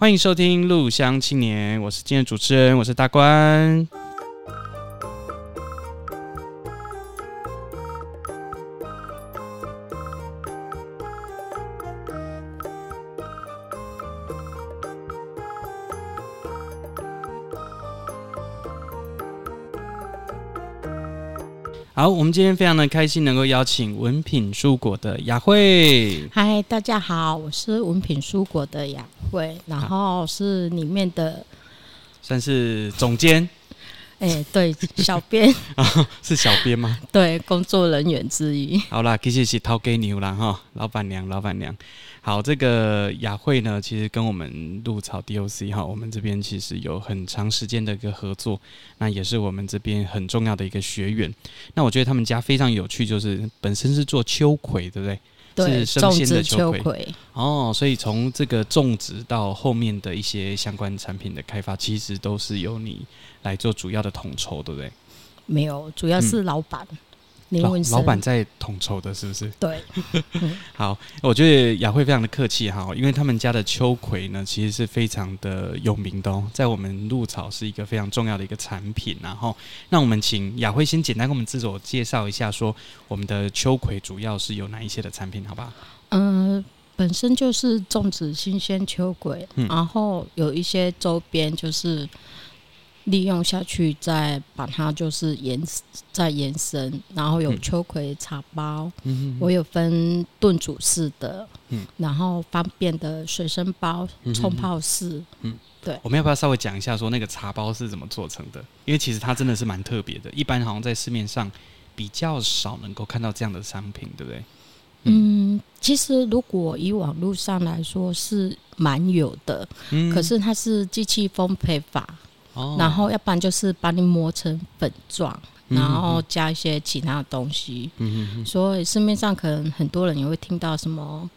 歡迎收聽《陸鄉青年》，我是今天的主持人，我是大官。好，我們今天非常的開心，能夠邀請文品蔬果的雅慧。嗨，大家好，我是文品蔬果的雅。會，然後是裡面的、啊、算是總監，哎、 欸，對，小編 啊，是小編嗎？對，工作人員之一。好啦，謝謝，是掏給你啦。哈，老闆娘，老闆娘。好，這個雅慧呢，其實跟我們鹿草 DOC 哈，我們這邊其實有很長時間的一個合作，那也是我們這邊很重要的一個學員。那我覺得他們家非常有趣，就是本身是做秋葵，對不對？是生鮮的秋葵哦，所以從這個種植到後面的一些相關產品的開發，其實都是由你來做主要的統籌，對不對？沒有，主要是老闆。嗯老闆在統籌的，是不是？對，嗯、好，我覺得雅慧非常的客氣哈，因為他們家的秋葵呢，其實是非常的有名的哦，在我們鹿草是一個非常重要的一個產品，啊。然後，那我們請雅慧先簡單跟我們自我介紹一下說，說我們的秋葵主要是有哪一些的產品，好不好？嗯、呃，本身就是種植新鮮秋葵，嗯、然後有一些周邊就是。利用下去，再把它就是延再延伸，然後有秋葵茶包，嗯、我有分燉煮式的，嗯、然後方便的隨身包沖泡式嗯，嗯，對。我們要不要稍微講一下，說那個茶包是怎麼做成的？因為其實它真的是蠻特別的，一般好像在市面上比較少能夠看到這樣的商品，對不對？嗯，嗯其實如果以網絡上來說是蠻有的，嗯、可是它是機器分配法。Oh. 然後，要不然就是把你磨成粉狀，嗯嗯，然後加一些其他的東西。嗯嗯，所以市面上可能很多人也會聽到什麼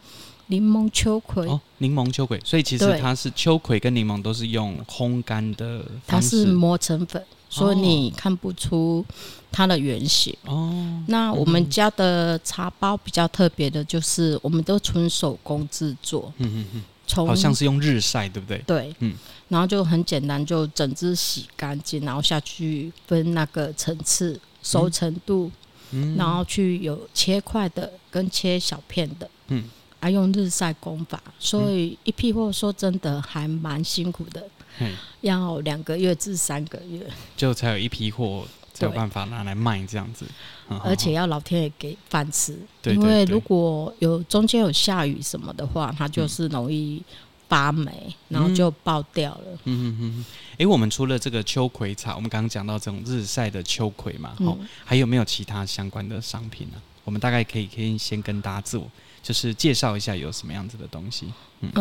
檸檬秋葵。哦，檸檬秋葵，所以其實它是秋葵跟檸檬都是用烘乾的方式。它是磨成粉，所以你看不出它的原型。哦、oh.。那我們家的茶包比較特別的就是，我們都純手工制作。嗯嗯嗯。從好像是用日曬，對不對？對，嗯。然後就很簡單，就整隻洗乾淨，然後下去分那個層次、熟成度、嗯，然後去有切塊的跟切小片的，嗯，還用日曬工法，所以一批貨說真的還蠻辛苦的，嗯，要兩個月至三個月，就才有一批貨才有辦法拿來賣這樣子，嗯、而且要老天爺給飯吃，對對對對，因為如果有中間有下雨什麼的話，它就是容易。發霉，然後就爆掉了。嗯嗯嗯嗯。哎、嗯欸，我們除了這個秋葵茶，我們剛剛講到這種日曬的秋葵嘛，哦、喔嗯，還有沒有其他相關的商品呢、啊？我們大概可以可以先跟大家做，就是介紹一下有什麼樣子的東西。嗯、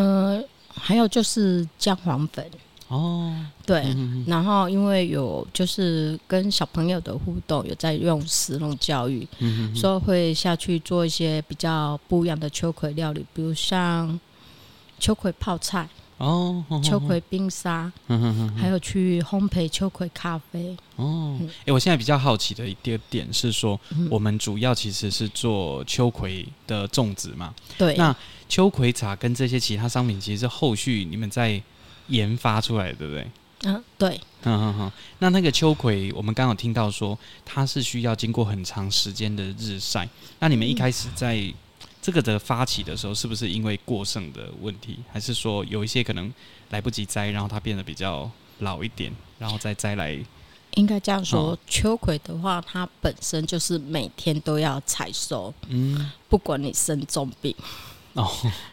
呃，還有就是薑黃粉。哦，對、嗯嗯嗯。然後因為有就是跟小朋友的互動，有在用食農教育，嗯嗯，所以、嗯、會下去做一些比較不一樣的秋葵料理，比如像。秋葵泡菜哦，oh, oh, oh, oh. 秋葵冰沙、嗯，還有去烘焙秋葵咖啡哦。誒、oh, 嗯欸，我現在比較好奇的一點點是說，嗯，我們主要其實是做秋葵的種植嘛。對。那秋葵茶跟這些其他商品，其實是後續你們在研發出來的，對不對？嗯，對。嗯嗯嗯。那、嗯、那個秋葵，我們剛好聽到說它是需要經過很長時間的日曬，那你們一開始在、嗯。這個的發起的時候，是不是因為過剩的問題，還是說有一些可能來不及摘，然後它變得比較老一點，然後再摘來？應該這樣說，哦，秋葵的話，它本身就是每天都要採收，嗯，不管你生重病哦，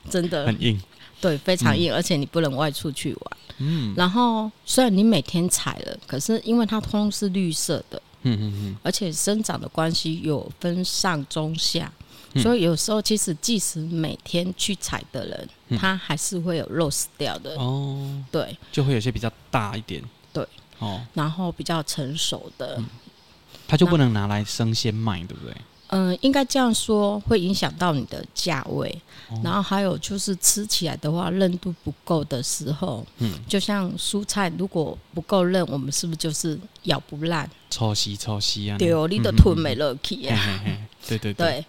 真的很硬，對，非常硬，嗯，而且你不能外出去玩，嗯，然後雖然你每天採了，可是因為它通常是綠色的，嗯嗯嗯，而且生長的關係有分上中下。嗯、所以有時候，其實即使每天去採的人，嗯，他還是會有肉死掉的哦。對，就會有些比較大一點，對哦。然後比較成熟的，嗯、他就不能拿來生鮮賣，對不對？嗯、呃，應該這樣說，會影響到你的價位，哦。然後還有就是吃起來的話，嫩度不夠的時候，嗯，就像蔬菜如果不夠嫩，我們是不是就是咬不爛？錯西錯西啊！對哦，你的腿沒力氣呀！對對對，對。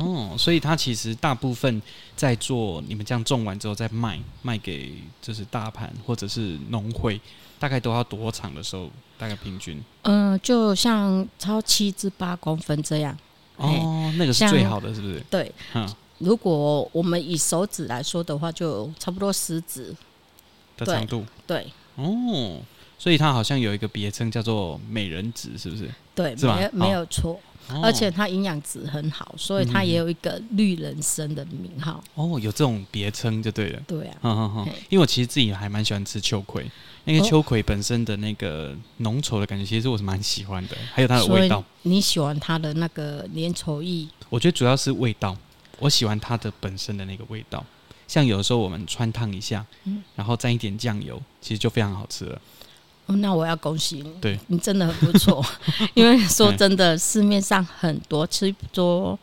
哦，所以它其實大部分在做，你們這樣種完之後再賣，賣給就是大盤或者是農會，大概都要多長的時候，大概平均。嗯，就像超七至八公分這樣。哦，欸、那個是最好的，是不是？對、嗯，如果我們以手指來說的話，就差不多食指的長度對。對。哦，所以它好像有一個別稱叫做美人指，是不是？對，是吧？沒有錯。哦。而且它營養值很好，所以它也有一個“綠人參”的名號、嗯。哦，有這種別稱就對了。對啊呵呵呵，因為我其實自己還蠻喜歡吃秋葵，那個秋葵本身的那個濃稠的感覺，其實我是蠻喜歡的。還有它的味道，你喜歡它的那個粘稠度，我覺得主要是味道，我喜歡它的本身的那個味道。像有的時候我們汆燙一下，然後沾一點醬油，其實就非常好吃了。那我要恭喜你，對你真的很不錯。 因為說真的，市面上很多，吃不多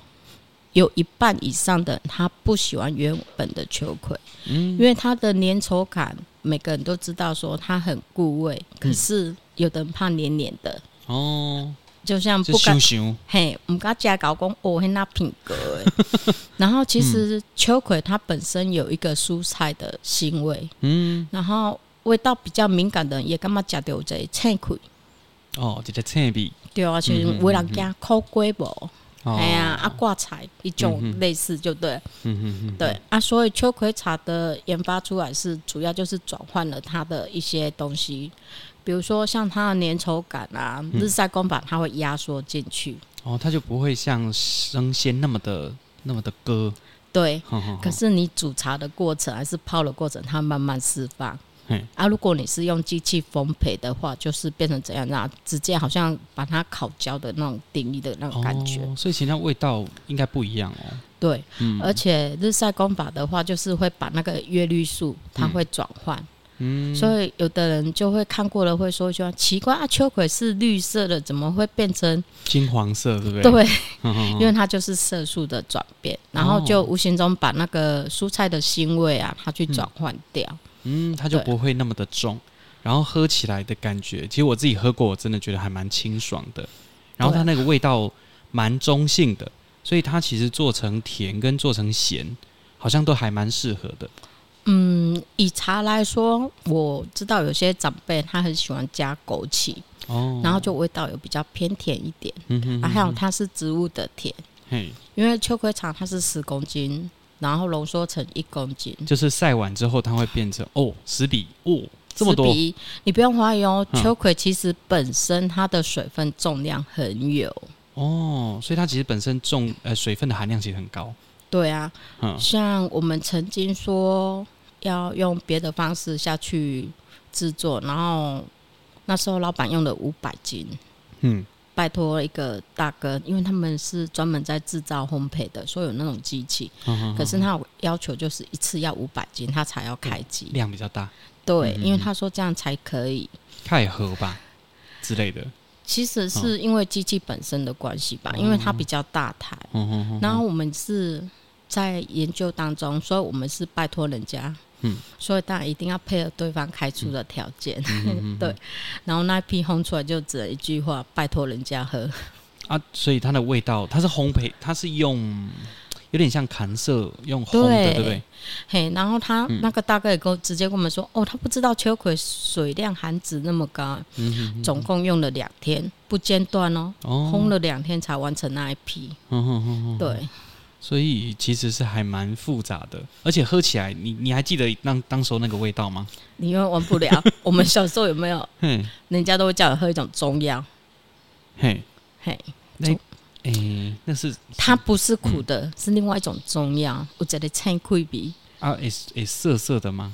有一半以上的他不喜歡原本的秋葵，嗯，因為它的粘稠感，每個人都知道說它很顧胃、嗯，可是有的人怕黏黏的，哦，就像不敢。嘿，不敢我們剛家搞公我很那品格、嗯，然後其實秋葵它本身有一個蔬菜的腥味，嗯，然後。味道比較敏感的人也幹嘛？吃掉這秋葵哦，就、嗯嗯、是脆皮對啊，是為人家摳龜毛。哎呀，啊掛彩一種類似就對，嗯嗯嗯，對嗯啊，所以秋葵茶的研發出來是主要就是轉換了它的一些東西，比如說像它的粘稠感啊，日曬光板它會壓縮進去、嗯、哦，它就不會像生鮮那麼的那麼的割對、嗯哼哼，可是你煮茶的過程還是泡的過程，它慢慢釋放。啊，如果你是用機器烘焙的話，就是變成怎樣？啊，直接好像把它烤焦的那種定義的那種感覺，哦、所以其實味道應該不一樣哦。對、嗯，而且日曬工法的話，就是會把那個葉綠素它會轉換、嗯。嗯，所以有的人就會看過了，會說一奇怪啊，秋葵是綠色的，怎麼會變成金黃色？對不對？對哦哦，因為它就是色素的轉變，然後就無形中把那個蔬菜的腥味啊，它去轉換掉。嗯嗯，它就不會那麼的重，然後喝起來的感覺，其實我自己喝過，我真的覺得還蠻清爽的。然後它那個味道蠻中性的，所以它其實做成甜跟做成鹹，好像都還蠻適合的。嗯，以茶來說，我知道有些長輩他很喜歡加枸杞，哦，然後就味道有比較偏甜一點。嗯哼，哼，啊，還有它是植物的甜，嘿，因為秋葵茶它是十公斤。然後濃縮成一公斤，就是曬完之後，它會變成哦，十比五、哦、這麼多。你不用懷疑哦、嗯，秋葵其實本身它的水分重量很有哦，所以它其實本身重呃水分的含量其實很高。對啊，嗯，像我們曾經說要用別的方式下去制作，然後那時候老闆用了五百斤，嗯。拜託一個大哥，因為他們是專門在製造烘焙的，所以有那種機器、嗯哼哼。可是他要求就是一次要五百斤，他才要開機，量比較大。對、嗯，因為他說這樣才可以太合吧之類的。其實是因為機器本身的關係吧、嗯哼哼，因為它比較大台、嗯哼哼哼。然後我們是在研究當中，所以我們是拜託人家。嗯，所以當然一定要配合對方開出的條件，嗯、 對。然後那一批烘出來就只有一句話：拜託人家喝啊。所以它的味道，它是烘焙，它是用有點像彈色用烘的對，對不對？嘿，然後他、嗯、那個大哥也跟我直接跟我們說，哦，他不知道秋葵水量含脂那麼高、嗯嗯嗯，總共用了兩天不間斷哦，哦，烘了兩天才完成那一批。嗯哼，哼、嗯嗯嗯，對。所以其實是還蠻複雜的，而且喝起來，你你還記得當當時候那個味道嗎？你又忘不了。 我們小時候有沒有？哼，人家都會叫我喝一種中藥。嘿，嘿，那，哎、欸欸，那是它不是苦的，嗯，是另外一種中藥。我覺得秋葵皮啊，是是澀澀的嗎？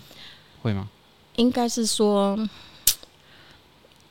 會嗎？應該是說。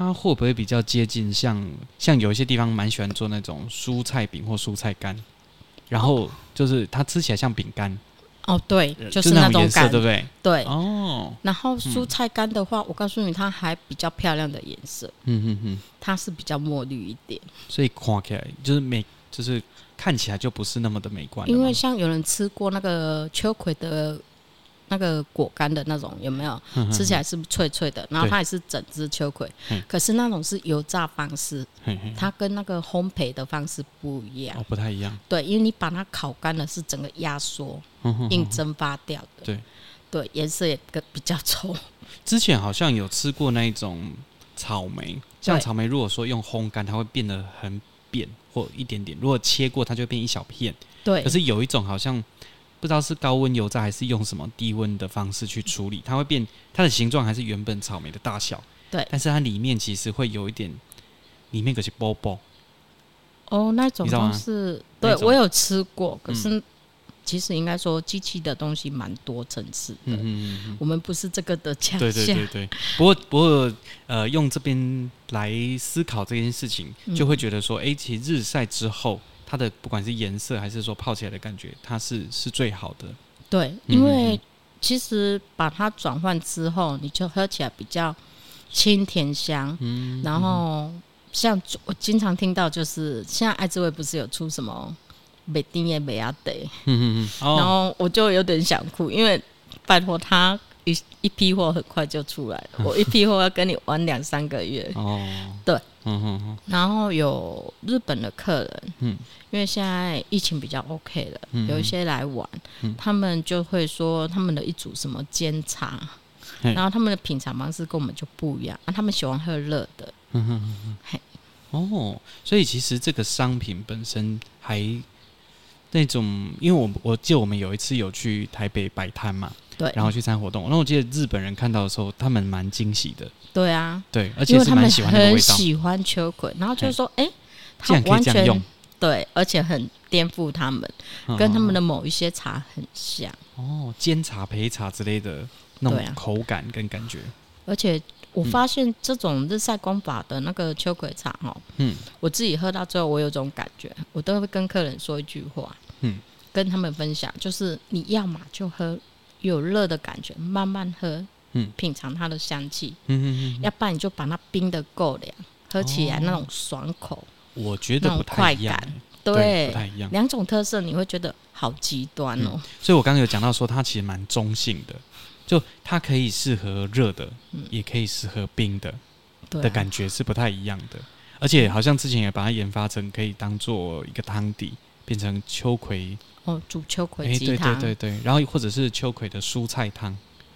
它會不會比較接近像像有一些地方蠻喜歡做那種蔬菜餅或蔬菜乾，然後就是它吃起來像餅乾。哦，對，就是那種感覺，對不對？對，哦。然後蔬菜乾的話，嗯，我告訴你，它還比較漂亮的顏色。嗯嗯嗯，它是比較墨綠一點，所以看起來就是美，就是看起來就不是那麼的美觀。因為像有人吃過那個秋葵的。那個果乾的那種有沒有？嗯、吃起來是不是脆脆的？然後它也是整隻秋葵，可是那種是油炸方式嘿嘿，它跟那個烘焙的方式不一樣。哦，不太一樣。對，因為你把它烤乾了，是整個壓縮、嗯、硬蒸發掉的。對，顏色也比較醜。之前好像有吃過那一種草莓，像草莓，如果說用烘乾，它會變得很扁或一點點；如果切過，它就會變一小片。對，可是有一種好像。不知道是高溫油炸，還是用什麼低溫的方式去處理，它會變它的形狀還是原本草莓的大小？對，但是它裡面其實會有一點，裡面可是包包。哦、oh，那種是對，我有吃過，可是其實應該說機器的東西蠻多層次的，嗯哼嗯哼，我們不是這個的強項。對對對對，不過不過呃，用這邊來思考這件事情，就會覺得說，誒、嗯欸，其實日曬之後。它的不管是顏色還是說泡起來的感覺，它是是最好的。對，因為其實把它轉換之後、嗯，你就喝起來比較清甜香。嗯，然後像我經常聽到，就是現在愛之味不是有出什麼美丁也美亞得？嗯嗯嗯、哦，然後我就有點想哭，因為拜託他一一批貨很快就出來了呵呵，我一批貨要跟你玩兩三個月哦，對。嗯哼哼，然後有日本的客人，嗯，因為現在疫情比較 OK 了、嗯，有一些來玩、嗯，他們就會說他們的一組什麼煎茶，然後他們的品嘗方式跟我們就不一樣，啊，他們喜歡喝熱的，嗯哼哼哼，嘿，哦，所以其實這個商品本身還那種，因為我我記得我們有一次有去台北擺攤嘛，對，然後去參加活動，那我記得日本人看到的時候，他們蠻驚喜的。對啊，對，而且是他們很喜歡秋葵，然後就是說：“哎，他、欸、完全對，而且很顛覆他們嗯嗯嗯，跟他們的某一些茶很像。”哦，煎茶、焙茶之類的那種口感跟感覺、啊。而且我發現這種日曬功法的那個秋葵茶，哈、嗯，嗯、喔，我自己喝到最後，我有種感覺，我都會跟客人說一句話，嗯，跟他們分享，就是你要嘛就喝，有熱的感覺，慢慢喝。嗯，品嚐它的香氣。嗯嗯嗯，要不然你就把那冰的夠涼喝起來那種爽口，哦、我覺得不太一樣對。對，不太一樣，兩種特色你會覺得好極端哦、嗯。所以我剛剛有講到說，它其實蠻中性的，就它可以適合熱的、嗯，也可以適合冰的、嗯，的感覺是不太一樣的、啊。而且好像之前也把它研發成可以當做一個湯底，變成秋葵哦，煮秋葵雞湯，欸、對，對對對對，然後或者是秋葵的蔬菜湯。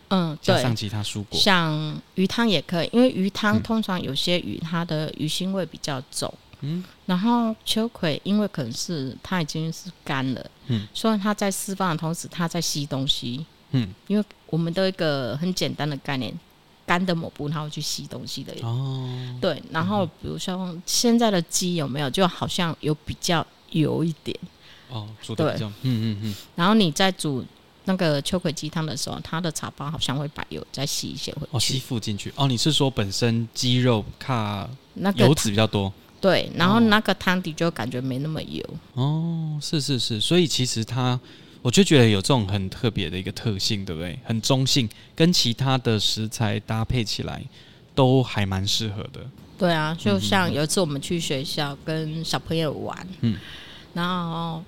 嗯，對，像其他蔬果，像魚湯也可以，因為魚湯通常有些魚它的魚腥味比較重。嗯，然後秋葵，因為可能是它已經是乾了，嗯，所以它在釋放的同時，它在吸東西。嗯，因為我們都有一個很簡單的概念，乾的抹布它會去吸東西的。哦，對，然後比如說現在的雞有沒有，就好像有比較油一點。哦，煮的比較，嗯嗯嗯。然後你再煮。那個秋葵雞湯的時候，它的茶包好像會把油再吸一些回去。哦，吸附進去哦。你是說本身雞肉靠那油脂比較多，那個，對，然後那個湯底就感覺沒那麼油哦。哦，是是是，所以其實它，我就覺得有這種很特別的一個特性，對不對？很中性，跟其他的食材搭配起來都還蠻適合的。對啊，就像有一次我們去學校跟小朋友玩，嗯，然後。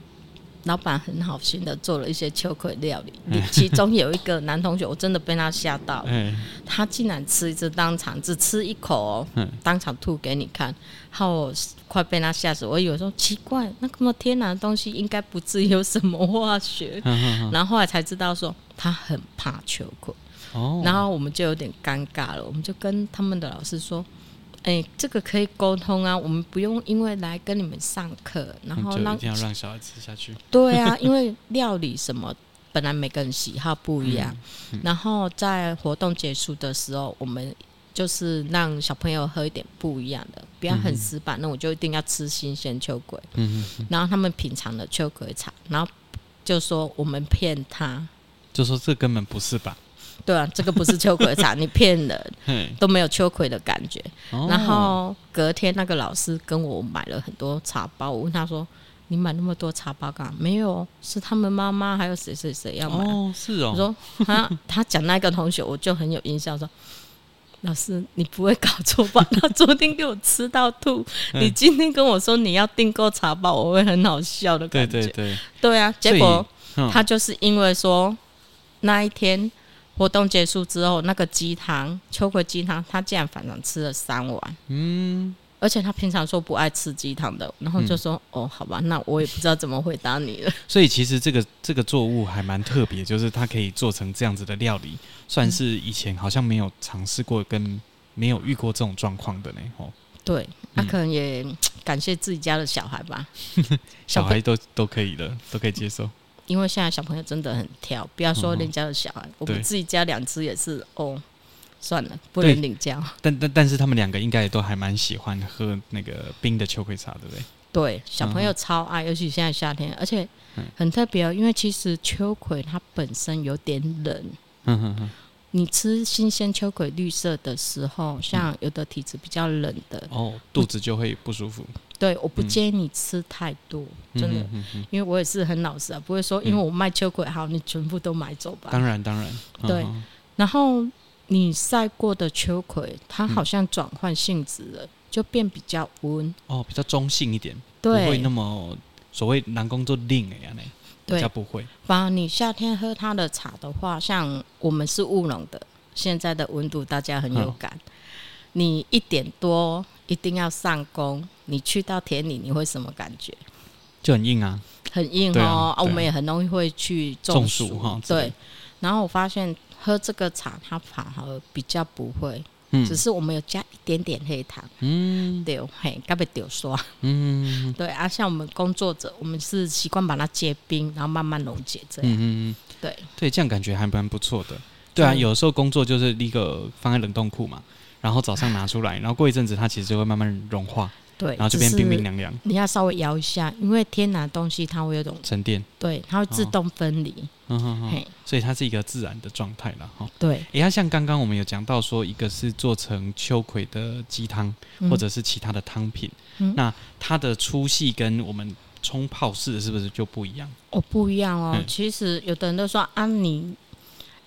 老闆很好心的做了一些秋葵料理，其中有一個男同學，我真的被他嚇到了，他竟然吃一隻當場只吃一口，喔，當場吐給你看，好快被他嚇死。我以為說奇怪，那個天然的東西應該不至於有什麼化學，然後後來才知道說他很怕秋葵，然後我們就有點尷尬了，我們就跟他們的老師說。哎、欸，這個可以溝通啊，我們不用因為來跟你們上課，然後讓、嗯、一定要讓小孩吃下去。 對啊，因為料理什麼本來每個人喜好不一樣、嗯嗯，然後在活動結束的時候，我們就是讓小朋友喝一點不一樣的，不要很死板。嗯、那我就一定要吃新鮮秋葵、嗯，然後他們品嚐了秋葵茶，然後就說我們騙他，就說這根本不是吧。對啊，這個不是秋葵茶， 你騙人，hey. 都沒有秋葵的感覺。Oh. 然後隔天那個老師跟我買了很多茶包，我問他說：“你買那麼多茶包幹嘛？”沒有，是他們媽媽還有誰誰誰要買、啊。哦、oh，是哦。我說他他講那個同學，我就很有印象，說老師你不會搞錯吧？ 他昨天給我吃到吐，hey. 你今天跟我說你要訂購茶包，我會很好笑的感覺。對，對，對，對，對啊。結果他就是因為說、嗯、那一天。活動結束之後，那個雞湯秋葵雞湯，他竟然反常吃了三碗。嗯，而且他平常說不愛吃雞湯的，然後就說、嗯：“哦，好吧，那我也不知道怎麼回答你了。 ”所以其實這個這個作物還蠻特別，就是它可以做成這樣子的料理，算是以前好像沒有嘗試過跟沒有遇過這種狀況的呢。哦，對，那、嗯啊、可能也感謝自己家的小孩吧， 小孩都都可以的，都可以接受。因為現在小朋友真的很挑，不要說人家的小孩，嗯、我們自己家兩隻也是哦。算了，不能領教。但但但是他們兩個應該也都還蠻喜歡喝那個冰的秋葵茶，對不對？對，小朋友超愛，嗯、尤其現在夏天，而且很特別哦。因為其實秋葵它本身有點冷，嗯、哼哼你吃新鮮秋葵綠色的時候，像有的體質比較冷的、嗯、哦，肚子就會不舒服。對，我不建議你吃太多，嗯、真的，嗯哼哼哼，因為我也是很老實啊，不會說因為我賣秋葵好，嗯、你全部都買走吧。當然當然。對，嗯、然後你曬過的秋葵，它好像轉換性質了，嗯，就變比較溫哦，比較中性一點，對，不會那麼所謂難工作令哎呀嘞，比較不會。反而你夏天喝它的茶的話，像我們是務農的，現在的溫度大家很有感，哦、你一點多一定要上工。你去到田裡，你會什麼感覺？就很硬啊，很硬哦啊，啊，啊！我們也很容易會去中暑哈。對，然後我發現喝這個茶，它反而比較不會。嗯。只是我們有加一點點黑糖。嗯。對，黑加點豆沙。嗯嗯。對啊，像我們工作者，我們是習慣把它結冰，然後慢慢溶解這樣。嗯嗯嗯。對對，這樣感覺還蠻不錯的。對啊，有時候工作就是一個放在冷凍庫嘛，然後早上拿出來，然後過一陣子它其實就會慢慢融化。對，然後這邊冰冰涼涼，你要稍微搖一下，因為天然的東西它會有種沉澱，對，它會自動分離，嗯哼哼，所以它是一個自然的狀態了哈、哦。對，哎，像剛剛我們有講到說，一個是做成秋葵的雞湯，嗯、或者是其他的湯品、嗯，那它的粗細跟我們沖泡式是不是就不一樣？哦，不一樣哦。嗯、其實有的人都說安妮。啊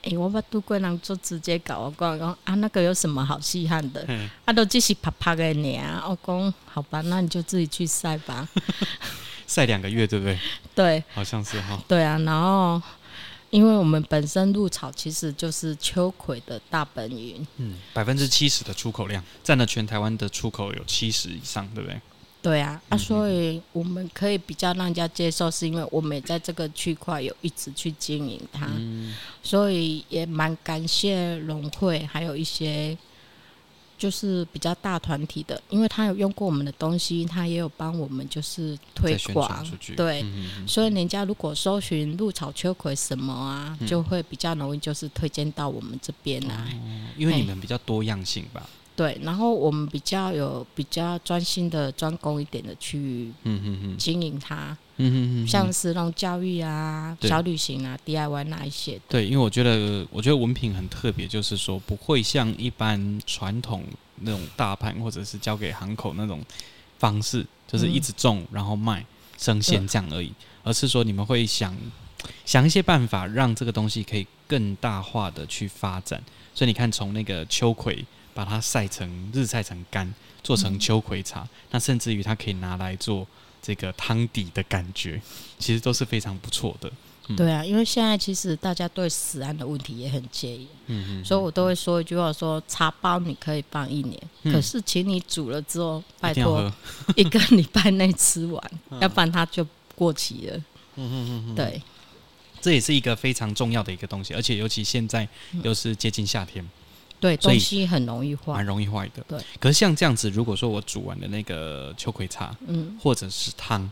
誒、欸，我把杜桂蘭就直接搞我講，講啊，那個有什麼好稀罕的？嘿嘿啊，都只是拍拍的啊。我公，好吧，那你就自己去曬吧，曬 兩個月，對不對？對，好像是哈、哦。對啊，然後因為我們本身鹿草其實就是秋葵的大本營，嗯，百分之七十的出口量占了全台灣的出口有七十以上，對不對？對啊，啊，所以我們可以比較讓人家接受，是因為我們也在這個區塊有一直去經營它，嗯、所以也蠻感謝融匯，還有一些就是比較大團體的，因為他有用過我們的東西，他也有幫我們就是推廣出去，對、嗯，所以人家如果搜尋“鹿草秋葵”什麼啊、嗯，就會比較容易就是推薦到我們這邊來、啊哦，因為你們比較多樣性吧。對，然後我們比較有比較專心的專攻一點的去嗯經營它，嗯哼哼嗯嗯，像食農教育啊、小旅行啊、DIY 那一些。對，因為我覺得，我覺得文品很特別，就是說不會像一般傳統那種大盤，或者是交給行口那種方式，就是一直種、嗯、然後賣生鮮這樣而已，而是說你們會想想一些辦法，讓這個東西可以更大化的去發展。所以你看，從那個秋葵。把它曬成日曬成乾，做成秋葵茶。嗯、那甚至於它可以拿來做這個湯底的感覺，其實都是非常不錯的、嗯。對啊，因為現在其實大家對食安的問題也很介意、嗯哼哼，所以我都會說一句話說：說茶包你可以放一年、嗯，可是請你煮了之後，拜托一， 一個禮拜內吃完， 要不然它就過期了。嗯嗯嗯，對，這也是一個非常重要的一個東西，而且尤其現在又是接近夏天。嗯對，東西很容易壞，很容易壞的。對，可是像這樣子，如果說我煮完的那個秋葵茶，嗯，或者是湯，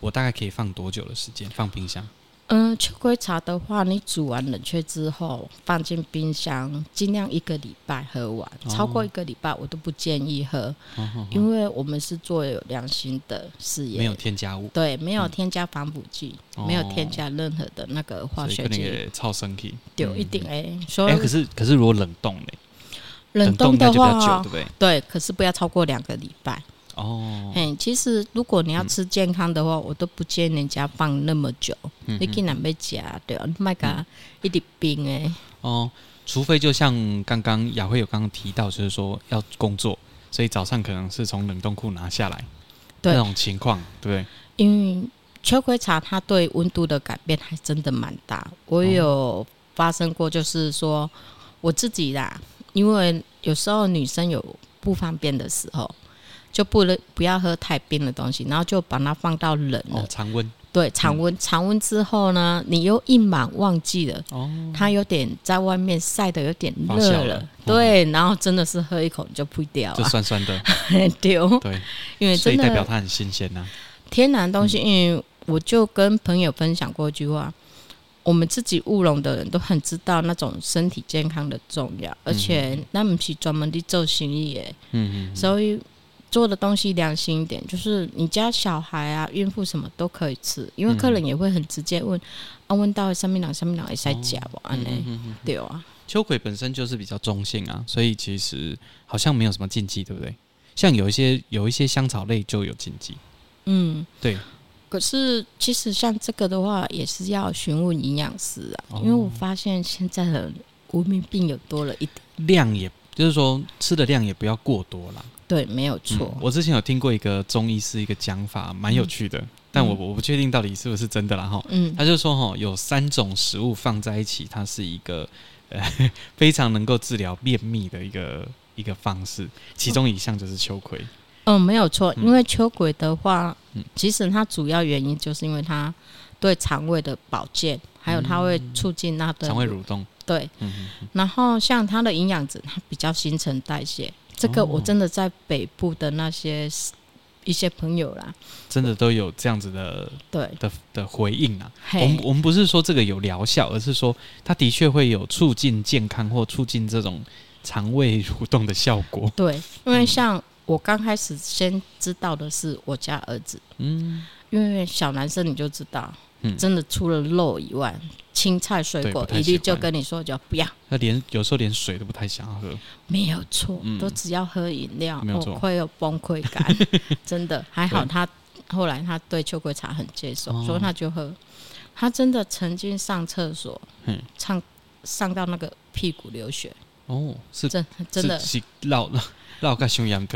我大概可以放多久的時間？放冰箱？嗯，秋葵茶的話，你煮完冷卻之後，放進冰箱，儘量一個禮拜喝完、哦。超過一個禮拜，我都不建議喝、哦，因為我們是做有良心的事業，沒有添加物，對，沒有添加防腐劑、嗯，沒有添加任何的那個化學品，也超生氣，對，一定哎。哎、欸欸，可是可是如果冷凍嘞、欸？冷凍的話，的話喔，對，可是不要超過兩個禮拜哦。哎，欸，其實如果你要吃健康的話，嗯、我都不建議人家放那麼久。嗯、你竟然沒加對，買、嗯、個一點冰誒。哦，除非就像剛剛雅慧有剛剛提到，就是說要工作，所以早上可能是從冷凍庫拿下來，對那種情況，對，對因為秋葵茶它對溫度的改變還真的蠻大。我有發生過，就是說我自己啦。因為有時候女生有不方便的時候，就不能不要喝太冰的東西，然後就把它放到冷、哦、常溫。對常溫、嗯、常溫之後呢，你又一忙忘記了，哦，它有點在外面曬的有點熱了，了對、嗯，然後真的是喝一口就吐掉、啊，就酸酸的丟。 對，因為真的代表它很新鮮吶、啊，天然東西、嗯。因為我就跟朋友分享過一句話。我們自己務農的人都很知道那種身體健康的重要，而且那不是專門的做生意耶，嗯嗯，所以做的東西良心一點，就是你家小孩啊、孕婦什麼都可以吃，因為客人也會很直接問，嗯、啊，問到上面兩、下面兩，誰加不？安、嗯、內，對啊。秋葵本身就是比較中性啊，所以其實好像沒有什麼禁忌，對不對？像有一些有一些香草類就有禁忌，嗯，對。可是，其實像這個的話，也是要詢問營養師啊、哦。因為我發現現在的國民病有多了一點量也，也就是說吃的量也不要過多啦。對，沒有錯、嗯。我之前有聽過一個中醫師一個講法，蠻有趣的，嗯、但我我不確定到底是不是真的啦。哈。嗯，他就說哈，有三種食物放在一起，它是一個呃非常能夠治療便秘的一個一個方式，其中一項就是秋葵。哦嗯，沒有錯，因為秋葵的話、嗯，其實它主要原因就是因為它對腸胃的保健、嗯，還有它會促進那個腸胃蠕動。對，嗯、哼哼，然後像它的營養值，它比較新陳代謝。這個我真的在北部的那些、哦、一些朋友啦，真的都有這樣子的對的的回應啊。我們我們不是說這個有療效，而是說它的確會有促進健康或促進這種腸胃蠕動的效果。對，因為像。嗯我剛開始先知道的是我家兒子，嗯，因為小男生你就知道，嗯、真的除了肉以外，青菜、水果一律就跟你說就不要。他連有時候連水都不太想要喝、嗯，沒有錯、嗯，都只要喝飲料，我、嗯，哦、會有崩潰感。 真的，還好他後來他對秋葵茶很接受，哦、所以他就喝。他真的曾經上廁所，上、嗯、上到那個屁股流血，哦，是真真的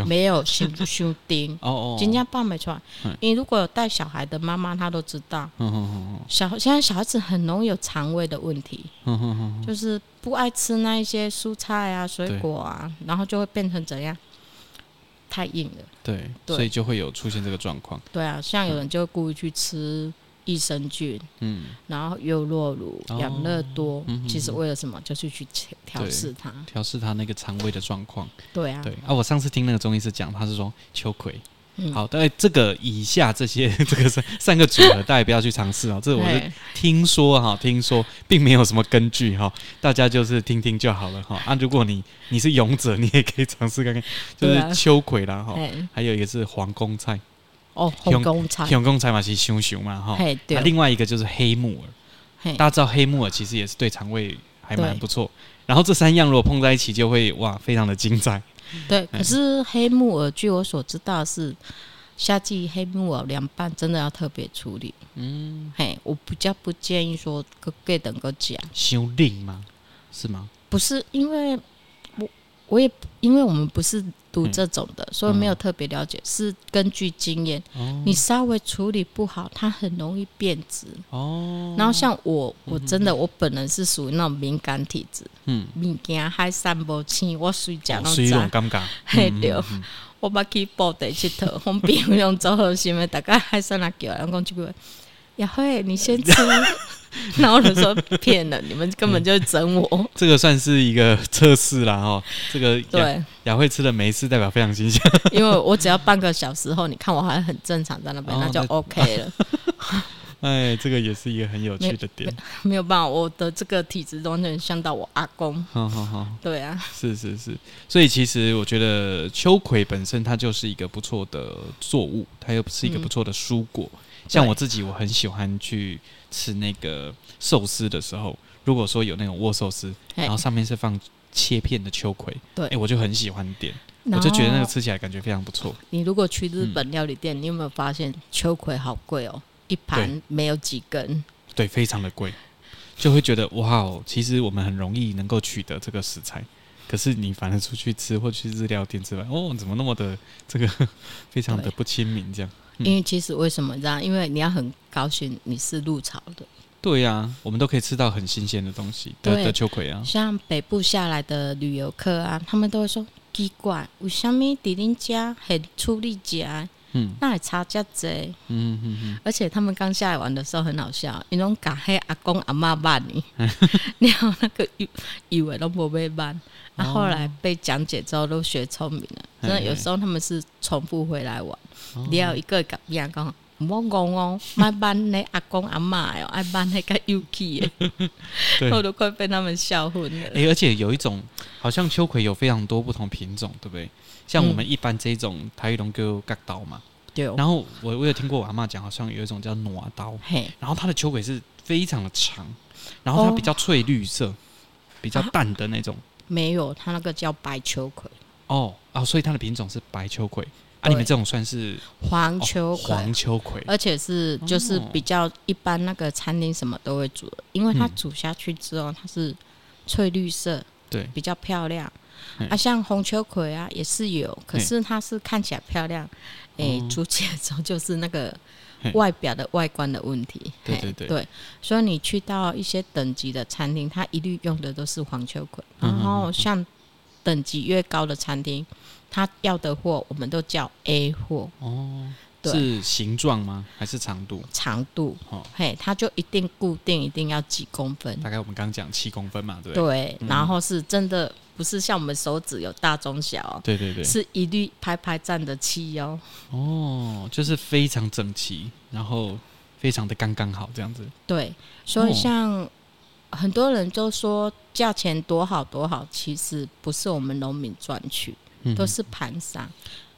沒有行不行？叮。哦哦，報沒錯，因為如果有帶小孩的媽媽，她都知道。嗯哼，哼、嗯嗯嗯，小現在小孩子很容易有腸胃的問題。嗯哼，哼、嗯嗯嗯，就是不愛吃那一些蔬菜啊、水果啊，然後就會變成怎樣？太硬了。對，對所以就會有出現這個狀況。對啊，像有人就會故意去吃。嗯益生菌，嗯，然後優酪乳、哦、養樂多，嗯嗯，其實為了什麼，就是去調試它，調試它那個腸胃的狀況。對啊，對啊。我上次聽那個中醫師講，他是說秋葵。嗯、好，但這個以下這些，這個三三個組合， 大家不要去嘗試啊、哦。這我是聽說哈，聽說、聽說並沒有什麼根據哈、哦，大家就是聽聽就好了哈、哦。啊，如果你你是勇者，你也可以嘗試看看，就是秋葵啦。哈、哦，還有一個是皇宮菜。哦，紅公紅公菜，菜太太嘛，是熊熊嘛哈。嘿，對。對另外一個就是黑木耳，大家知道黑木耳其實也是對腸胃還蠻不錯。然後這三樣如果碰在一起，就會哇，非常的精彩。對、嗯，可是黑木耳，據我所知道是夏季黑木耳涼拌，真的要特別處理。嗯、嘿，我比較不建議說給等個醬。熊令嗎？是嗎？不是，因為。我也因為我們不是讀這種的，嗯，所以沒有特別了解，是根據經驗，哦。你稍微處理不好，它很容易變質。哦。然後像我，我真的，嗯，我本人是屬於那種敏感體質。嗯。敏感還三不清我屬於講。是一種尷尬。嘿，對。我去頭把去部隊去偷，紅兵不用做好心，大家還算那叫兩公雞會，雅慧，你先吃。嗯 然後就說騙了，你們根本就會整我，嗯。這個算是一個測試啦。哈。這個對雅慧吃的沒事，代表非常新鮮。因為我只要半個小時後， 你看我還很正常，在那邊、哦、那就 OK 了、啊 哎，這個。哎，這個也是一個很有趣的點。沒，沒，沒有辦法，我的這個體質完全像到我阿公。哦哦哦、對啊，是是是。所以其實我覺得秋葵本身它就是一個不錯的作物，它又是一個不錯的蔬果、嗯。像我自己，我很喜歡去，吃那個壽司的時候，如果說有那種握壽司，然後上面是放切片的秋葵，對，欸、我就很喜歡點，我就覺得那個吃起來感覺非常不錯。你如果去日本料理店，嗯、你有沒有發現秋葵好貴哦、喔，一盤沒有幾根，對，非常的貴，就會覺得哇，其實我們很容易能夠取得這個食材，可是你反而出去吃或去日料店吃飯，哦、喔，怎麼那麼的這個非常的不親民這樣？因為其實為什麼這樣？因為你要很高興你是入朝的。對呀、啊，我們都可以吃到很新鮮的東西的對的秋葵啊。像北部下來的旅遊客啊，他們都會說奇怪，為什麼在人家很出力家？嗯，那還差價子，嗯嗯嗯，而且他們剛下來玩的時候很好笑，一種講黑阿公阿嬤扮 你，你有那個以以為都不會扮，那、哦啊、後來被講解之後都學聰明了。真的，有時候他們是重複回來玩，你要一個講一樣講，我講我買扮你阿公阿嬤哦，愛扮那個 U P 耶， 我都快被他們笑昏了。哎、欸，而且有一種好像秋葵有非常多不同品種，對不對？像我們一般這一種、嗯、台語龍哥格刀嘛，對。然後我我有聽過我阿媽講，好像有一種叫挪刀，嘿。然後它的秋葵是非常的長，然後它比較翠綠色，哦、比較淡的那種、啊。沒有，它那個叫白秋葵。哦啊、哦，所以它的品種是白秋葵啊。你們這種算是黃秋葵、哦、黃秋葵，而且是就是比較一般那個餐廳什麼都會煮、哦，因為它煮下去之後它是翠綠色，對、嗯，比較漂亮。啊，像紅秋葵啊，也是有，可是它是看起來漂亮。哎，竹節蟲就是那個外表的外觀的問題。對對對，對。所以你去到一些等級的餐廳，它一律用的都是黃秋葵。然後像等級越高的餐廳，它要的貨，我們都叫 A 貨。哦。對，是形狀嗎？還是長度？長度。哦。嘿，它就一定固定，一定要幾公分？大概我們剛剛講七公分嘛，對不對？對。然後是真的。不是像我們手指有大、中、小，喔，對對對，是一律排排站的七幺，喔。哦，oh，就是非常整齊，然後非常的剛剛好這樣子。對，所以像很多人都說價錢多好多好，其實不是我們農民賺取，嗯，都是盤商。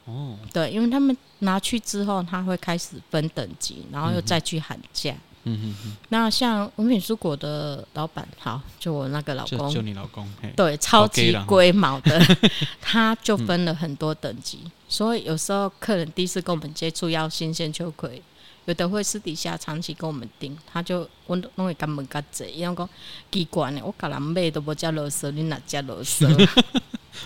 哦，oh，對，因為他們拿去之後，他會開始分等級，然後又再去喊價。嗯嗯嗯哼，哼，那像文品蔬果的老闆，好，就我那個老公，就，就你老公，對，超級龜毛的、哦，他就分了很多等級、嗯，所以有時候客人第一次跟我們接觸要新鮮秋葵，有的會私底下長期跟我們訂，他就問弄會講問甲濟，伊攏講奇怪呢，我搞人買都不只囉嗦，你哪只囉嗦？嗯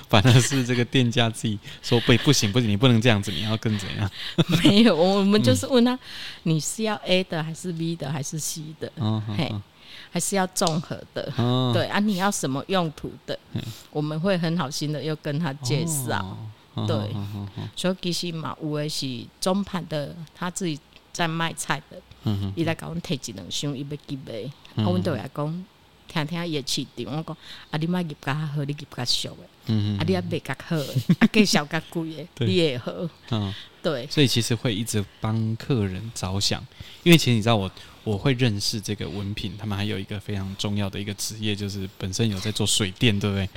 反正是這個店家自己說不不行不行，你不能這樣子，你要跟怎樣？ 沒有，我們就是問他，你是要 A 的還是 B 的還是 C 的？嘿、哦哦哦，還是要綜合的？哦、對啊，你要什麼用途的、哦？我們會很好心的又跟他介紹、哦哦。對、哦哦，所以其實嘛，有的是中盤的，他自己在賣菜的，伊、嗯哦啊嗯、來搞阮特級農商伊袂雞悲，好阮對聽廳業市場，我講，阿你賣業家好，你業家熟嗯，啊，你阿賣家好嗯嗯嗯啊，阿計少較貴的、 啊、你也好，嗯、哦，對，所以其實會一直幫客人着想，因為其實你知道我，我會認識這個文品，他們還有一個非常重要的一個職業，就是本身有在做水電， 對不對？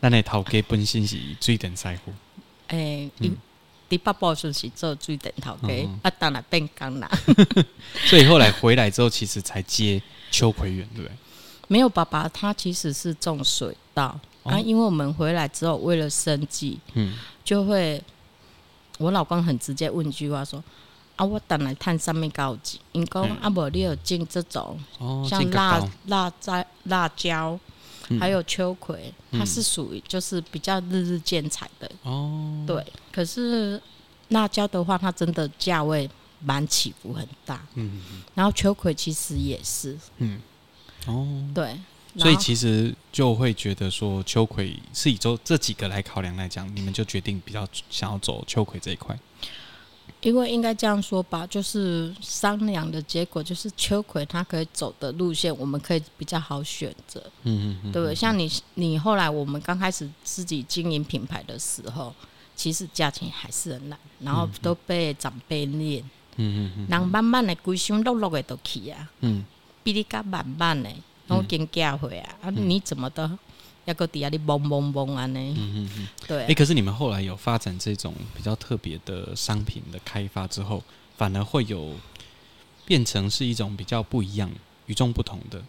咱來淘客本身是水電師傅，誒、欸，你你爸爸就是做水電頭，客、哦，啊，當然變工人， 所以後來回來之後，其實才接秋葵園， 對不對？沒有爸爸，他其實是種水稻、哦、啊。因為我們回來之後，為了生計，嗯，就會我老公很直接問一句話說：“啊我，我等來探上面高級，因公阿無你有進這種，哦、像辣辣椒、辣椒，還有秋葵，它是屬於就是比較日日見採的哦、嗯。對，可是辣椒的話，它真的價位蠻起伏很大，嗯。然後秋葵其實也是，嗯。”哦，對，所以其實就會覺得說，秋葵是以這這幾個來考量來講，你們就決定比較想要走秋葵這一塊。因為應該這樣說吧，就是商量的結果就是秋葵它可以走的路線，我們可以比較好選擇。嗯哼嗯嗯，對不對？像你你後來我們剛開始自己經營品牌的時候，其實價錢還是很難，然後都被長輩念。嗯哼嗯哼嗯，慢慢的規心落落的都去啊。嗯。比你噶慢慢呢，我驚教會啊，啊你怎麼都猛猛猛的，一個底下哩嘣嘣嘣啊呢。嗯嗯嗯，對、啊。哎、欸，可是你們後來有發展這種比較特別的商品的開發之後，反而會有變成是一種比較不一樣、與眾不同的，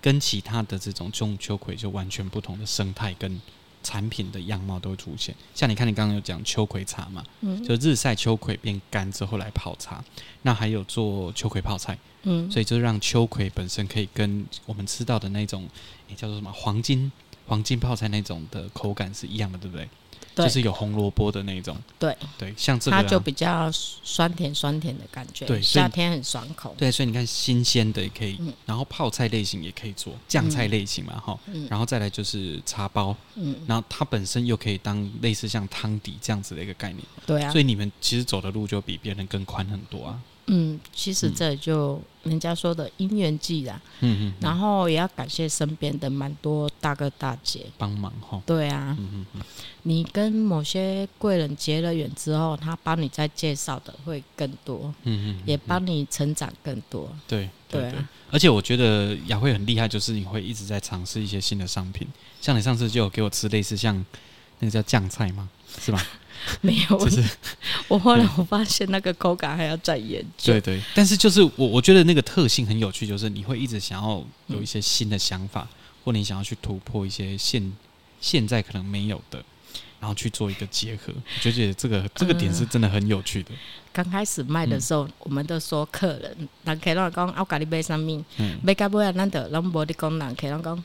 跟其他的這種種秋葵就完全不同的生態跟產品的樣貌都會出現，像你看，你剛剛有講秋葵茶嘛，嗯，就日曬秋葵變乾之後來泡茶，那還有做秋葵泡菜，嗯，所以就讓秋葵本身可以跟我們吃到的那種，也叫做什麼黃金黃金泡菜那種的口感是一樣的，對不對？就是有紅蘿蔔的那種，對對，像這個它就比較酸甜酸甜的感覺，對，夏天很爽口。對，所以你看新鮮的也可以、嗯，然後泡菜類型也可以做醬菜類型嘛，哈、嗯，然後再來就是茶包、嗯，然後它本身又可以當類似像湯底這樣子的一個概念，對、嗯、啊。所以你們其實走的路就比別人更寬很多啊。嗯嗯，其實這就人家說的因緣際然，嗯嗯，然後也要感謝身邊的蠻多大哥大姐幫忙哈。對啊，嗯嗯嗯，你跟某些貴人結了緣之後，他幫你再介紹的會更多，嗯嗯，也幫你成長更多。嗯哼哼對，啊、對，對對，而且我覺得雅慧很厲害，就是你會一直在嘗試一些新的商品，像你上次就有給我吃類似像那個叫醬菜嗎，是吧？ 沒有，是 我後來我發現那個口感還要再研究。對對，但是就是我，我覺得那個特性很有趣，就是你會一直想要有一些新的想法，嗯、或你想要去突破一些現現在可能沒有的，然後去做一個結合。我覺得這個、嗯、這個點是真的很有趣的。剛開始賣的時候，嗯、我們都說客人，那可能講奧卡利貝上面，貝卡布亞南的龍博的客人講。人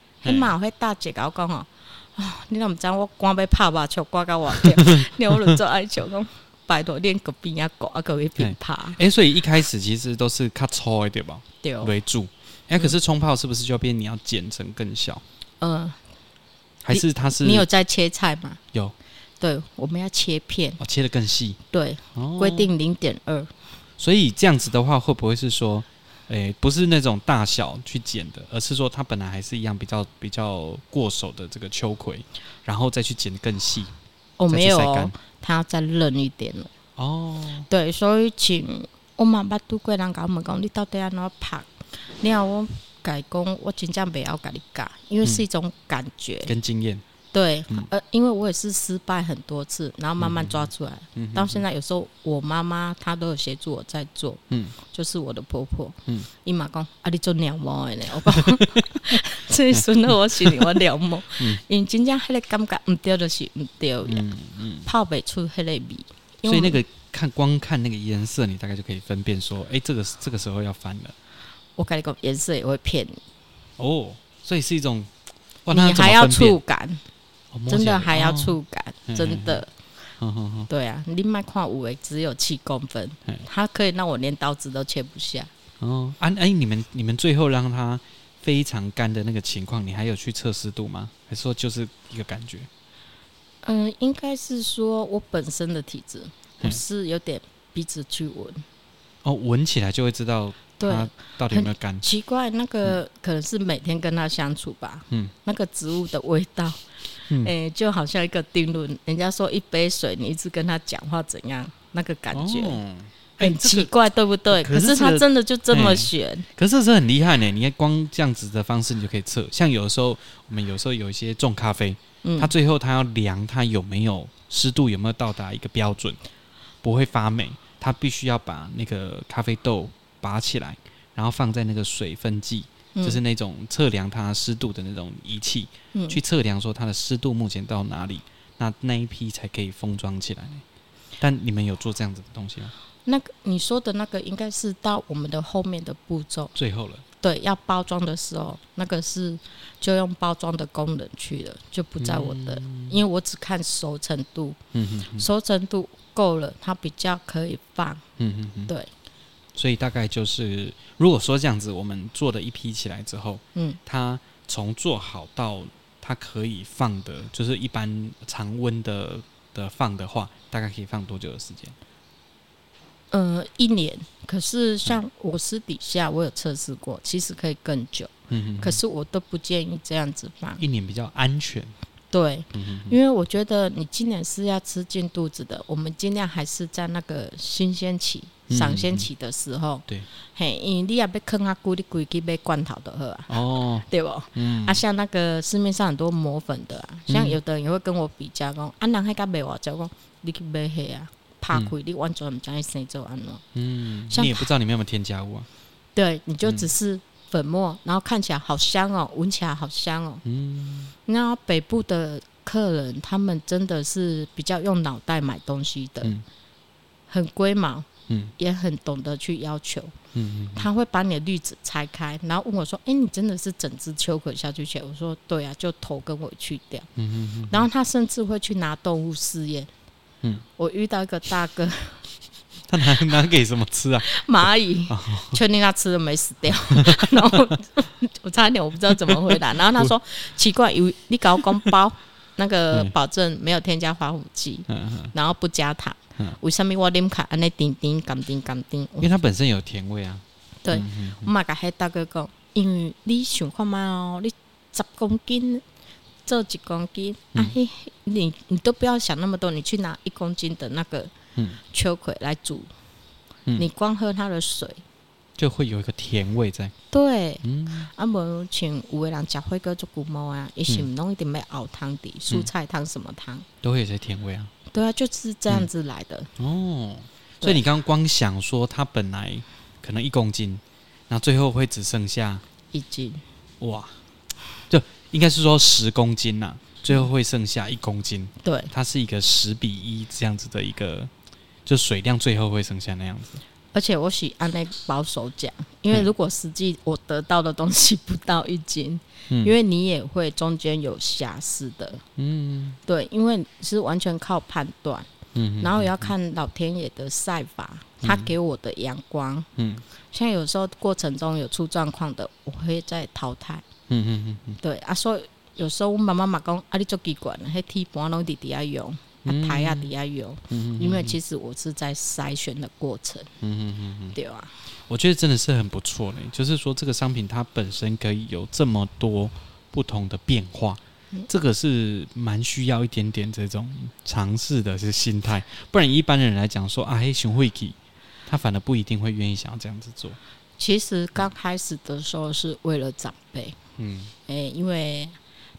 你媽會打這個我講哦，你哪麼講我光被爬吧，就掛到我掉，你我輪做愛笑，講拜托你隔壁一個啊，隔壁別爬。哎，所以一開始其實都是卡粗一點吧，對哦，為主。哎，可是沖泡是不是就變你要剪成更小？嗯、呃，還是它是？你有在切菜嗎？有，對，我們要切片，哦、切得更細。對，規定零點二。所以這樣子的話，會不會是說？誒，不是那種大小去剪的，而是說它本來還是一樣比較比較過手的這個秋葵，然後再去剪更細。哦，沒有、哦，它要再嫩一點了。哦，對，所以請我媽媽都貴人給我們講，你到底要怎麼拍？你要，我改工，我盡量不要給你改，因為是一種感覺、嗯、跟經驗。對，呃、嗯，因為我也是失敗很多次，然後慢慢抓出來。嗯，嗯，到現在有時候我媽媽她都有協助我在做。嗯，就是我的婆婆。嗯，伊媽講，阿、啊、你做鳥毛的嘞？我所以說到 我心裡，我鳥毛。嗯，因為真正迄類感覺唔掉到起唔掉。嗯嗯。泡北觸迄類米，所以那個看光看那個顏色，你大概就可以分辨說，哎、欸，這個這個時候要翻了。我講顏色也會騙你。哦，所以是一種。哇，你還要觸感？哦、真的還要觸感，哦，真的，嘿嘿嘿對啊，另外看五維只有七公分嘿嘿，它可以讓我連刀子都切不下。哦、安、啊、安、欸，你們你們最後讓它非常乾的那個情況，你還有去測濕度嗎？還是說就是一個感覺？嗯，應該是說我本身的體質是有點鼻子去聞、嗯、哦，聞起來就會知道它對到底有沒有乾。奇怪，那個可能是每天跟它相處吧，嗯，那個植物的味道。誒、嗯、欸，就好像一個定論。人家說一杯水，你一直跟他講話怎樣，那個感覺很，哦欸欸，這個、奇怪，對不對，可、這個，可是他真的就這麼選。欸、可是這很厲害呢，你看，光這樣子的方式，你就可以測。像有的時候，我們有時候有一些種咖啡，嗯，他最後他要量他有沒有濕度，有沒有到達一個標準，不會發霉，他必須要把那個咖啡豆拔起來，然後放在那個水分計。嗯、就是那種測量它濕度的那種儀器，嗯、去測量說它的濕度目前到哪裡，那那一批才可以封裝起來。但你們有做這樣子的東西嗎？那個你說的那個應該是到我們的後面的步驟，最後了。對，要包裝的時候，那個是就用包裝的功能去了，就不在我的，嗯、因為我只看熟成度，嗯、哼哼，熟成度夠了，它比較可以放。嗯嗯嗯，對。所以大概就是，如果說這樣子，我們做的一批起來之後，嗯，它從做好到它可以放的，就是一般常溫的的放的話，大概可以放多久的時間？呃，一年。可是像我私底下我有測試過、嗯，其實可以更久。嗯哼哼。可是我都不建議這樣子放，一年比較安全。對，因為我覺得你今年是要吃進肚子的，我們盡量還是在那個新鮮期、嘗鮮期的時候。嗯嗯、對，嘿，你啊被坑啊，規裡規矩買罐頭的喝啊，哦，對哦，嗯，啊，像那個市面上很多磨粉的啊，像有的人也會跟我比較講、嗯，啊，人還敢買我，就講你去買遐啊，拍開、嗯、你完全唔知你生做安怎。嗯像，你也不知道裡面有沒有添加物啊？對，你就只是。粉末，然後看起來好香哦，、喔，聞起來好香哦、喔。嗯，那北部的客人，他們真的是比較用腦袋買東西的，嗯、很龜毛，嗯，也很懂得去要求。嗯嗯，嗯，他會把你的綠子拆開，然後問我說：“哎、欸，你真的是整只秋葵下去切？”我說：“對啊，就頭跟尾去掉。嗯”嗯嗯嗯，然後他甚至會去拿動物試驗。嗯，我遇到一個大哥。 拿拿給什麼吃啊？螞蟻，確、哦、定他吃了沒死掉？ 然後我差一點我不知道怎麼回答。然後他說，奇怪，有你搞公包， 那個保證沒有添加防腐劑， 然後不加糖， 為什麼我點開那叮叮剛叮剛叮？因為它本身有甜味啊。嗯、對，嗯、哼哼我嘛甲黑大哥講，你想看嘛哦，你十公斤做幾公斤、嗯、啊？嘿，你你都不要想那麼多，你去拿一公斤的那個。嗯、秋葵來煮，嗯，你光喝它的水，就會有一個甜味在。對，阿伯請五偉人小輝哥做古貓啊，嗯、一起弄一點來熬湯底，嗯，蔬菜湯什麼湯，都會有些甜味啊。對啊，就是這樣子來的。嗯、哦，所以你剛剛光想說，它本來可能一公斤，那最後會只剩下一斤。哇，就應該是說十公斤吶，最後會剩下一公斤。對，它是一個十比一這樣子的一個。就水量最後會剩下那樣子，而且我喜按那個保守講，因為如果實際我得到的東西不到一斤，嗯，因為你也會中間有瑕疵的，嗯，對，因為是完全靠判斷，嗯哼哼哼，然後要看老天爺的曬法，嗯，他給我的陽光，嗯，像有時候過程中有出狀況的，我會再淘汰，嗯嗯嗯，對啊，所以有時候我媽媽媽講，啊你做機關，還踢板攏弟弟阿用。他抬下低下有因為其實我是在篩選的過程，嗯嗯嗯嗯，對吧、啊？我覺得真的是很不錯嘞，就是說這個商品它本身可以有這麼多不同的變化，嗯、這個是蠻需要一點點這種嘗試的是心態，不然一般人來講說啊，嘿熊會去，他反而不一定會願意想要這樣子做。其實剛開始的時候是為了長輩，嗯，哎、欸，因為。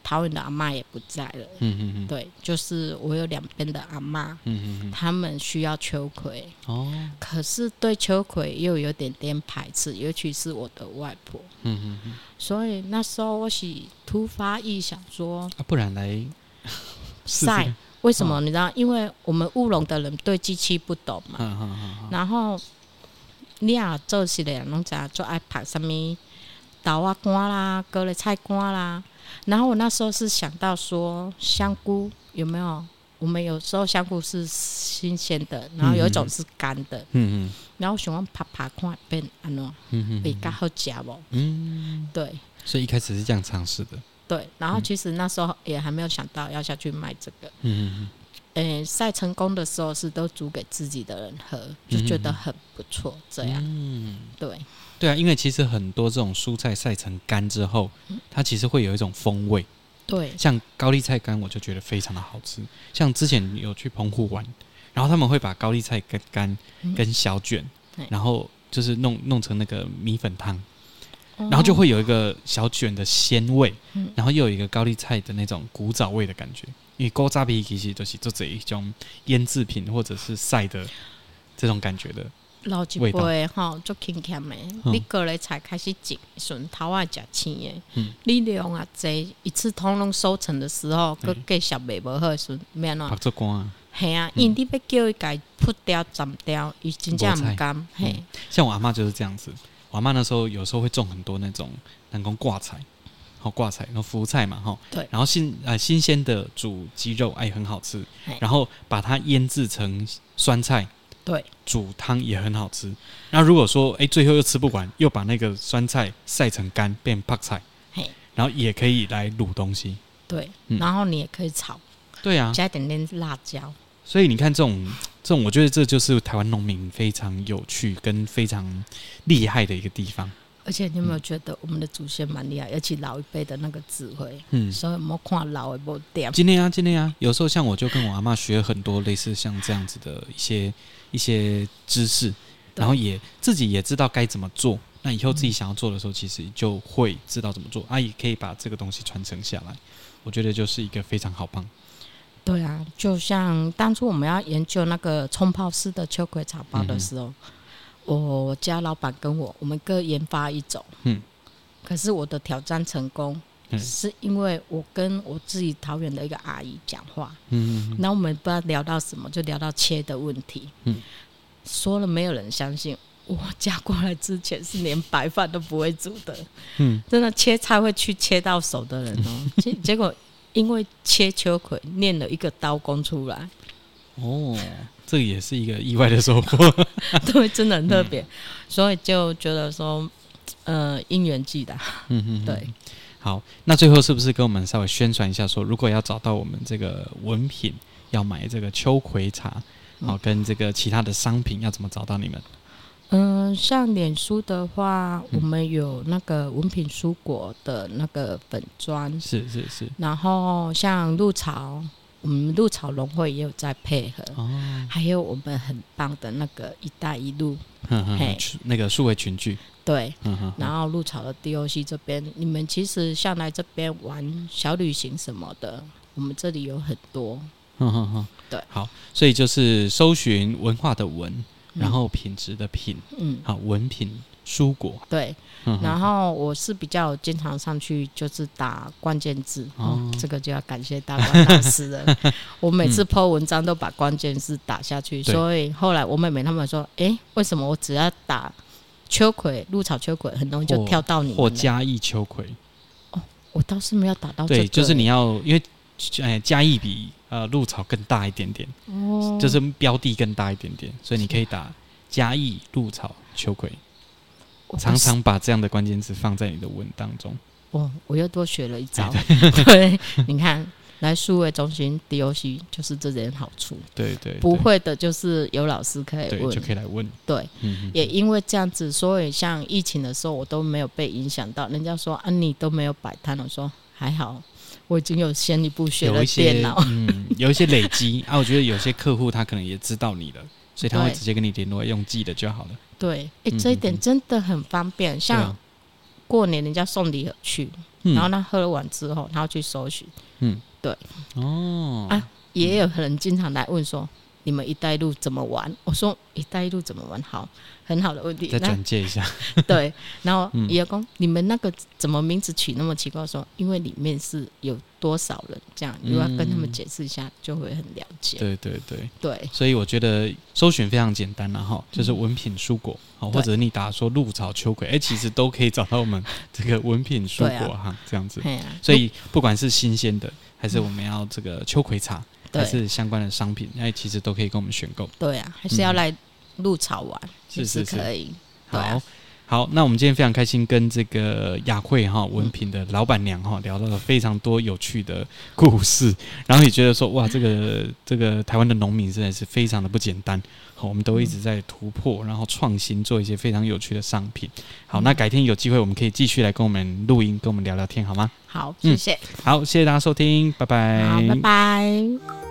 桃園的阿嬤也不在了，嗯嗯嗯，對，就是我有兩邊的阿嬤，嗯嗯，他們需要秋葵，哦，可是對秋葵又有點點排斥，尤其是我的外婆，嗯嗯嗯，所以那時候我是突发異想說，啊、不然來曬， 為什麼、哦、你知道？因為我們務農的人對機器不懂嘛，嗯嗯嗯，然後，釀做起來，農家最愛拍什麼豆啊乾啦，割類菜乾啦。然後我那時候是想到說，香菇有沒有？我們有時候香菇是新鮮的，然後有一種是乾的。嗯嗯。然後喜歡爬爬快變安嗯哼哼，比較好夾不？嗯，對。所以一開始是這樣嘗試的。對，然後其實那時候也還沒有想到要下去賣這個。嗯嗯嗯。誒，曬成功的時候是都煮給自己的人喝，就覺得很不錯這樣。嗯，對。對啊，因為其實很多這種蔬菜曬成乾之後，它其實會有一種風味。對，像高麗菜乾，我就覺得非常的好吃。像之前有去澎湖玩，然後他們會把高麗菜乾乾、嗯、跟小卷、嗯，然後就是弄弄成那個米粉湯、嗯，然後就會有一個小卷的鮮味、嗯，然後又有一個高麗菜的那種古早味的感覺。因為古早期其實就是做這一種醃制品或者是曬的這種感覺的。老一輩吼，足勤儉的。你過來才開始種，順頭啊，食青的。嗯，你量啊，的嗯、利用多一次，通攏收成的時候，閣繼續賣無好順，免、嗯、咯。曝做乾啊。係啊，嗯、因你要叫伊家己撲掉斬掉，伊真正毋甘。嘿。像我阿嬤就是這樣子，我阿嬤那時候有時候會種很多那種人工掛菜，好掛菜，然後福菜嘛，吼，對。然後新呃新鮮的煮雞肉，哎，很好吃。然後把它醃制成酸菜。對，煮湯也很好吃。那如果說哎、欸，最後又吃不完，又把那個酸菜曬成乾，變泡菜，嘿，然後也可以來滷東西。對、嗯，然後你也可以炒。對啊，加一點點辣椒。所以你看這，這種這種，我覺得這就是台灣農民非常有趣跟非常厲害的一個地方。而且你有沒有覺得我們的祖先蠻厲害？尤其老一輩的那個智慧，嗯，所以莫看老的無掉。今天啊，今天啊，有時候像我就跟我阿嬤學很多類似像這樣子的一些，一些知識，然後也自己也知道該怎麼做。那以後自己想要做的時候，嗯、其實就會知道怎麼做啊也、啊、可以把這個東西傳承下來。我覺得就是一個非常好棒。對啊，就像當初我們要研究那個沖泡式的秋葵茶包的時候，我、嗯、我家老闆跟我，我們各研發一種，嗯，可是我的挑戰成功。是因為我跟我自己桃園的一個阿姨講話，嗯，然後我們也不知道聊到什麼，就聊到切的問題，嗯，說了沒有人相信我嫁過來之前是連白飯都不會煮的，嗯，真的切菜會去切到手的人哦、喔，結、嗯、結果因為切秋葵練了一個刀工出來，哦，Yeah. 這也是一個意外的收穫， 對，真的很特別、嗯，所以就覺得說，呃，因緣際的，嗯嗯，對。好，那最後是不是跟我們稍微宣傳一下說，說如果要找到我們這個文品，要買這個秋葵茶，好、嗯、跟這個其他的商品要怎麼找到你們？嗯，像臉書的話，我們有那個文品蔬果的那個粉專，是是是，然後像陸潮。我們鹿草農會也有在配合，哦，還有我們很棒的那個“一帶一路”呵呵那個數位群聚，對，嗯哼，然後鹿草的 DOC 這邊，你們其實像來這邊玩小旅行什麼的，我們這裡有很多，哼哼，對，好，所以就是搜尋文化的文，然後品質的品，嗯，好文品。蔬果對，然後我是比較經常上去就是打關鍵字、嗯嗯，這個就要感謝大官大師了， 我每次 po 文章都把關鍵字打下去，所以後來我妹妹他們說：“哎、欸，為什麼我只要打秋葵、鹿草秋葵，很容易就跳到你或？”或嘉義秋葵。哦，我倒是沒有打到、欸。對，就是你要因為哎、呃，嘉義比呃鹿草更大一點點，哦，就是標的更大一點點，所以你可以打嘉義鹿草秋葵。常常把這樣的關鍵詞放在你的文當中。哦，我又多學了一招。對，對 你看，來數位中心 DOC 就是這點好處。對對，不會的，就是有老師可以問，就可以來問。對、嗯，也因為這樣子，所以像疫情的時候，我都沒有被影響到。人家說啊，你都沒有擺攤，我說還好，我已經有先一步學了電腦，嗯，有一些累積 啊。我覺得有些客戶他可能也知道你了，所以他會直接跟你聯絡，用記的就好了。對，誒、欸，這一點真的很方便。嗯、哼哼，像過年人家送禮去、嗯，然後那喝了完之後，他要去收取。嗯，對，哦，啊，也有人經常來問說。你們一帶一路怎麼玩？我說一帶一路怎麼玩？好，很好的問題。再轉介一下。 對，然後員工，嗯、你們那個怎麼名字取那麼奇怪？說因為裡面是有多少人，這樣又、嗯、要跟他們解釋一下，就會很了解。對對對對。所以我覺得搜尋非常簡單，啊，然後就是文品蔬果，好，嗯哦、或者你打說鹿草秋葵，哎，欸，其實都可以找到我們這個文品蔬果哈，啊，這樣子。對啊。所以不管是新鮮的，還是我們要這個秋葵茶。還是相關的商品，那其實都可以跟我們選購。對啊，還是要來入潮玩，是、嗯、不是可以是是是、啊。好，好，那我們今天非常開心跟這個雅惠哈文品的老板娘哈、嗯、聊到了非常多有趣的故事，然後也覺得說哇，這個這個台灣的農民真的是非常的不簡單，好，我們都一直在突破，然後創新做一些非常有趣的商品。好，那改天有機會我們可以繼續來跟我們錄音，跟我們聊聊天，好嗎？好，謝謝。嗯、好，謝謝大家收聽，拜拜，拜拜。